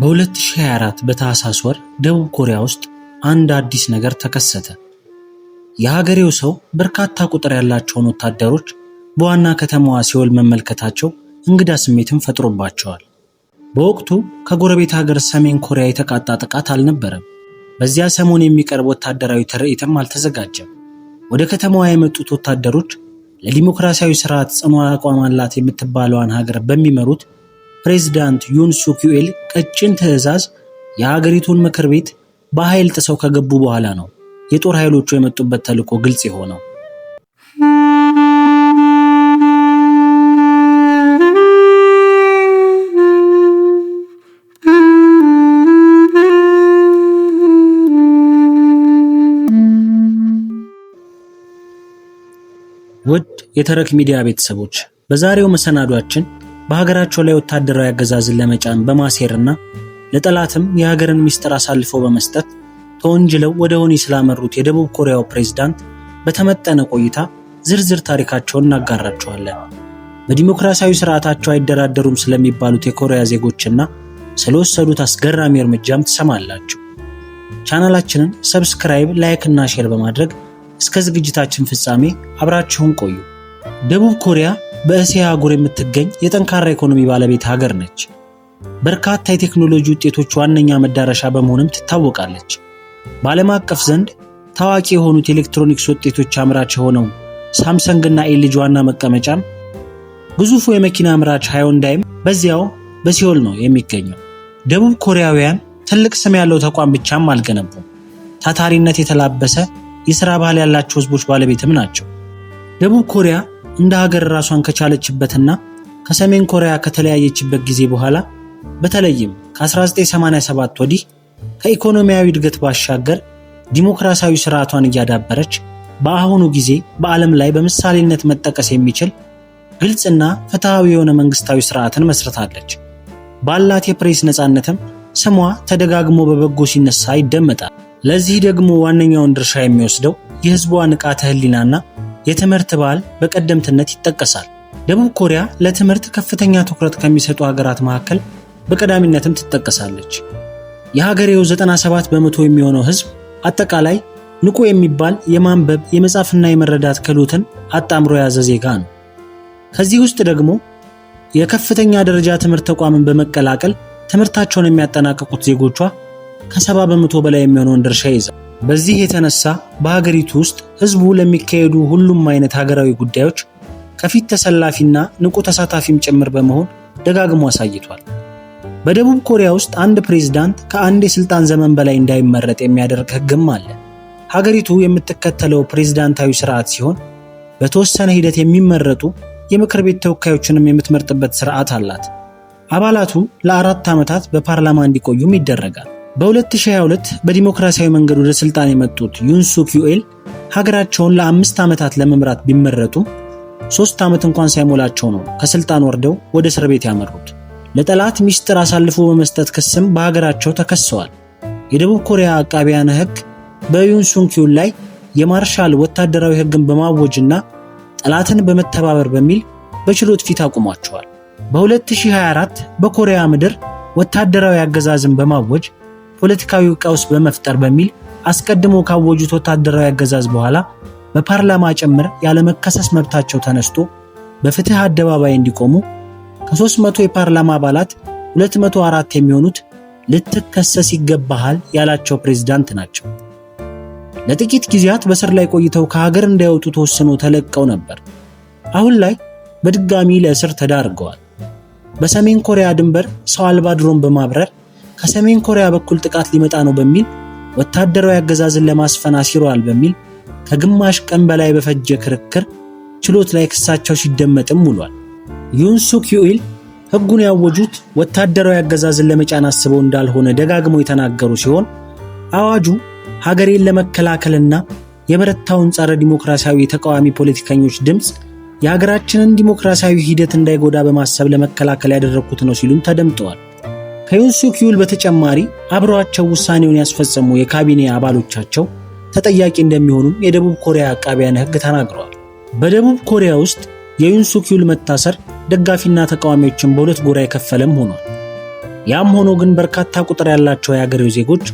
በ2024 በታህሳስ ወር ደቡብ ኮሪያ ውስጥ አንድ አዲስ ነገር ተከሰተ። የሀገሬው ሰው በርካታ ቁጥር ያላቸውን ወታደሮች በዋና ከተማዋ ሲወል መመልከታቸው እንግዳ ስሜትን ፈጥሮባቸዋል። በወቅቱ ከጎረቤት ሀገር ሰሜን ኮሪያ የተቃጣ ጥቃት አልነበረም። በዚያ ሰሞን የሚቀርብ ወታደራዊ ትርኢትም አልተዘጋጀም። ወደ ከተማዋ የመጡት ወታደሮች ለዲሞክራሲያዊ ስርዓት ጽኑ አቋም አላት የምትባለዋን ሀገር በሚመሩት ፕሬዚዳንት ዩን ሱኪኤል ቀጭን ትዕዛዝ የሀገሪቱን ምክር ቤት በኃይል ጥሰው ከገቡ በኋላ ነው የጦር ኃይሎቹ የመጡበት ተልዕኮ ግልጽ የሆነው። ውድ የተረክ ሚዲያ ቤተሰቦች በዛሬው መሰናዷችን በሀገራቸው ላይ ወታደራዊ አገዛዝን ለመጫን በማሴርና ለጠላትም የሀገርን ምስጢር አሳልፈው በመስጠት ተወንጅለው ወደ ወህኒ ስላመሩት የደቡብ ኮሪያው ፕሬዝዳንት በተመጠነ ቆይታ ዝርዝር ታሪካቸውን እናጋራቸዋለን። በዲሞክራሲያዊ ስርዓታቸው አይደራደሩም ስለሚባሉት የኮሪያ ዜጎችና ስለወሰዱት አስገራሚ እርምጃም ትሰማላችሁ። ቻናላችንን ሰብስክራይብ፣ ላይክ እና ሼር በማድረግ እስከ ዝግጅታችን ፍጻሜ አብራችሁን ቆዩ። ደቡብ ኮሪያ በእስያ አህጉር የምትገኝ የጠንካራ ኢኮኖሚ ባለቤት ሀገር ነች። በርካታ የቴክኖሎጂ ውጤቶች ዋነኛ መዳረሻ በመሆንም ትታወቃለች። በዓለም አቀፍ ዘንድ ታዋቂ የሆኑት የኤሌክትሮኒክስ ውጤቶች አምራች የሆነው ሳምሰንግና ኤልጂ ዋና መቀመጫም ግዙፉ የመኪና አምራች ሃዮንዳይም በዚያው በሲኦል ነው የሚገኘው። ደቡብ ኮሪያውያን ትልቅ ስም ያለው ተቋም ብቻም አልገነቡም። ታታሪነት የተላበሰ የሥራ ባህል ያላቸው ህዝቦች ባለቤትም ናቸው። ደቡብ ኮሪያ እንደ ሀገር ራሷን ከቻለችበትና ከሰሜን ኮሪያ ከተለያየችበት ጊዜ በኋላ በተለይም ከ1987 ወዲህ ከኢኮኖሚያዊ እድገት ባሻገር ዲሞክራሲያዊ ስርዓቷን እያዳበረች በአሁኑ ጊዜ በዓለም ላይ በምሳሌነት መጠቀስ የሚችል ግልጽና ፍትሐዊ የሆነ መንግስታዊ ስርዓትን መስርታለች። ባላት የፕሬስ ነፃነትም ስሟ ተደጋግሞ በበጎ ሲነሳ ይደመጣል። ለዚህ ደግሞ ዋነኛውን ድርሻ የሚወስደው የህዝቧ ንቃተ ህሊናና የትምህርት በዓል በቀደምትነት ይጠቀሳል። ደቡብ ኮሪያ ለትምህርት ከፍተኛ ትኩረት ከሚሰጡ ሀገራት መካከል በቀዳሚነትም ትጠቀሳለች። የሀገሬው 97 በመቶ የሚሆነው ህዝብ አጠቃላይ ንቁ የሚባል የማንበብ የመጻፍና የመረዳት ክህሎትን አጣምሮ የያዘ ዜጋ ነው። ከዚህ ውስጥ ደግሞ የከፍተኛ ደረጃ ትምህርት ተቋምን በመቀላቀል ትምህርታቸውን የሚያጠናቀቁት ዜጎቿ ከሰባ በመቶ በላይ የሚሆነውን ድርሻ ይይዛል። በዚህ የተነሳ በሀገሪቱ ውስጥ ህዝቡ ለሚካሄዱ ሁሉም አይነት ሀገራዊ ጉዳዮች ከፊት ተሰላፊና ንቁ ተሳታፊም ጭምር በመሆን ደጋግሞ አሳይቷል። በደቡብ ኮሪያ ውስጥ አንድ ፕሬዝዳንት ከአንድ የስልጣን ዘመን በላይ እንዳይመረጥ የሚያደርግ ህግም አለ። ሀገሪቱ የምትከተለው ፕሬዝዳንታዊ ስርዓት ሲሆን በተወሰነ ሂደት የሚመረጡ የምክር ቤት ተወካዮችንም የምትመርጥበት ስርዓት አላት። አባላቱ ለአራት ዓመታት በፓርላማ እንዲቆዩም ይደረጋል። በ2022 በዲሞክራሲያዊ መንገድ ወደ ስልጣን የመጡት ዩንሱክ ዩኤል ሀገራቸውን ለአምስት ዓመታት ለመምራት ቢመረጡ ሶስት ዓመት እንኳን ሳይሞላቸው ነው ከስልጣን ወርደው ወደ እስር ቤት ያመሩት። ለጠላት ሚስጥር አሳልፎ በመስጠት ክስም በሀገራቸው ተከሰዋል። የደቡብ ኮሪያ አቃቢያነ ሕግ በዩንሱክ ዩል ላይ የማርሻል ወታደራዊ ሕግን በማወጅና ጠላትን በመተባበር በሚል በችሎት ፊት አቁሟቸዋል። በ2024 በኮሪያ ምድር ወታደራዊ አገዛዝን በማወጅ ፖለቲካዊ ቀውስ በመፍጠር በሚል አስቀድሞ ካወጁት ወታደራዊ አገዛዝ በኋላ በፓርላማ ጭምር ያለመከሰስ መብታቸው ተነስቶ በፍትህ አደባባይ እንዲቆሙ ከ300 የፓርላማ አባላት 204 የሚሆኑት ልትከሰስ ይገባሃል ያላቸው ፕሬዝዳንት ናቸው። ለጥቂት ጊዜያት በስር ላይ ቆይተው ከሀገር እንዳይወጡ ተወስኖ ተለቀው ነበር። አሁን ላይ በድጋሚ ለእስር ተዳርገዋል። በሰሜን ኮሪያ ድንበር ሰው አልባ ድሮን በማብረር ከሰሜን ኮሪያ በኩል ጥቃት ሊመጣ ነው በሚል ወታደራዊ አገዛዝን ለማስፈን አሲሯል በሚል ከግማሽ ቀን በላይ በፈጀ ክርክር ችሎት ላይ ክሳቸው ሲደመጥም ውሏል። ዩንሱክ ዩኢል ሕጉን ያወጁት ወታደራዊ አገዛዝን ለመጫን አስበው እንዳልሆነ ደጋግመው የተናገሩ ሲሆን አዋጁ ሀገሬን ለመከላከልና የበረታውን ጸረ ዲሞክራሲያዊ የተቃዋሚ ፖለቲከኞች ድምፅ የሀገራችንን ዲሞክራሲያዊ ሂደት እንዳይጎዳ በማሰብ ለመከላከል ያደረግኩት ነው ሲሉም ተደምጠዋል። ከዩንሱ ኪዩል በተጨማሪ አብረዋቸው ውሳኔውን ያስፈጸሙ የካቢኔ አባሎቻቸው ተጠያቂ እንደሚሆኑም የደቡብ ኮሪያ አቃቢያን ሕግ ተናግረዋል። በደቡብ ኮሪያ ውስጥ የዩንሱ ኪዩል መታሰር ደጋፊና ተቃዋሚዎችን በሁለት ጎራ የከፈለም ሆኗል። ያም ሆኖ ግን በርካታ ቁጥር ያላቸው የአገሬው ዜጎች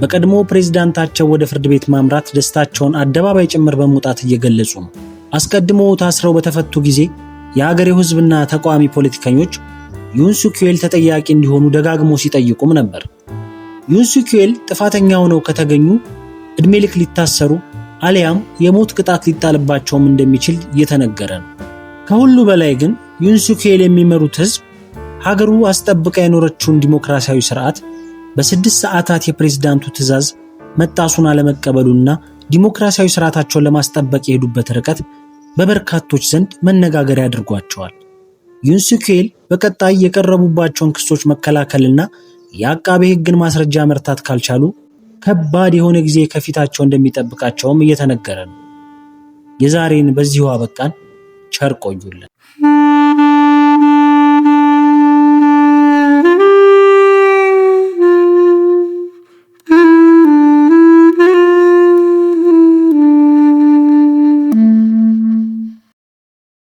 በቀድሞ ፕሬዝዳንታቸው ወደ ፍርድ ቤት ማምራት ደስታቸውን አደባባይ ጭምር በመውጣት እየገለጹ ነው። አስቀድሞ ታስረው በተፈቱ ጊዜ የአገሬው ሕዝብና ተቃዋሚ ፖለቲከኞች ዩንሱኩዌል ተጠያቂ እንዲሆኑ ደጋግሞ ሲጠይቁም ነበር። ዩንሱኩዌል ጥፋተኛ ሆነው ከተገኙ ዕድሜ ልክ ሊታሰሩ አሊያም የሞት ቅጣት ሊጣልባቸውም እንደሚችል እየተነገረ ነው። ከሁሉ በላይ ግን ዩንሱኩዌል የሚመሩት ህዝብ ሀገሩ አስጠብቃ የኖረችውን ዲሞክራሲያዊ ስርዓት በስድስት ሰዓታት የፕሬዝዳንቱ ትዕዛዝ መጣሱን አለመቀበሉና ዲሞክራሲያዊ ስርዓታቸውን ለማስጠበቅ የሄዱበት ርቀት በበርካቶች ዘንድ መነጋገሪያ አድርጓቸዋል። ዩንሱኬል በቀጣይ የቀረቡባቸውን ክሶች መከላከልና የአቃቤ ሕግን ማስረጃ መርታት ካልቻሉ ከባድ የሆነ ጊዜ ከፊታቸው እንደሚጠብቃቸውም እየተነገረ ነው። የዛሬን በዚሁ አበቃን። ቸር ቆዩልን።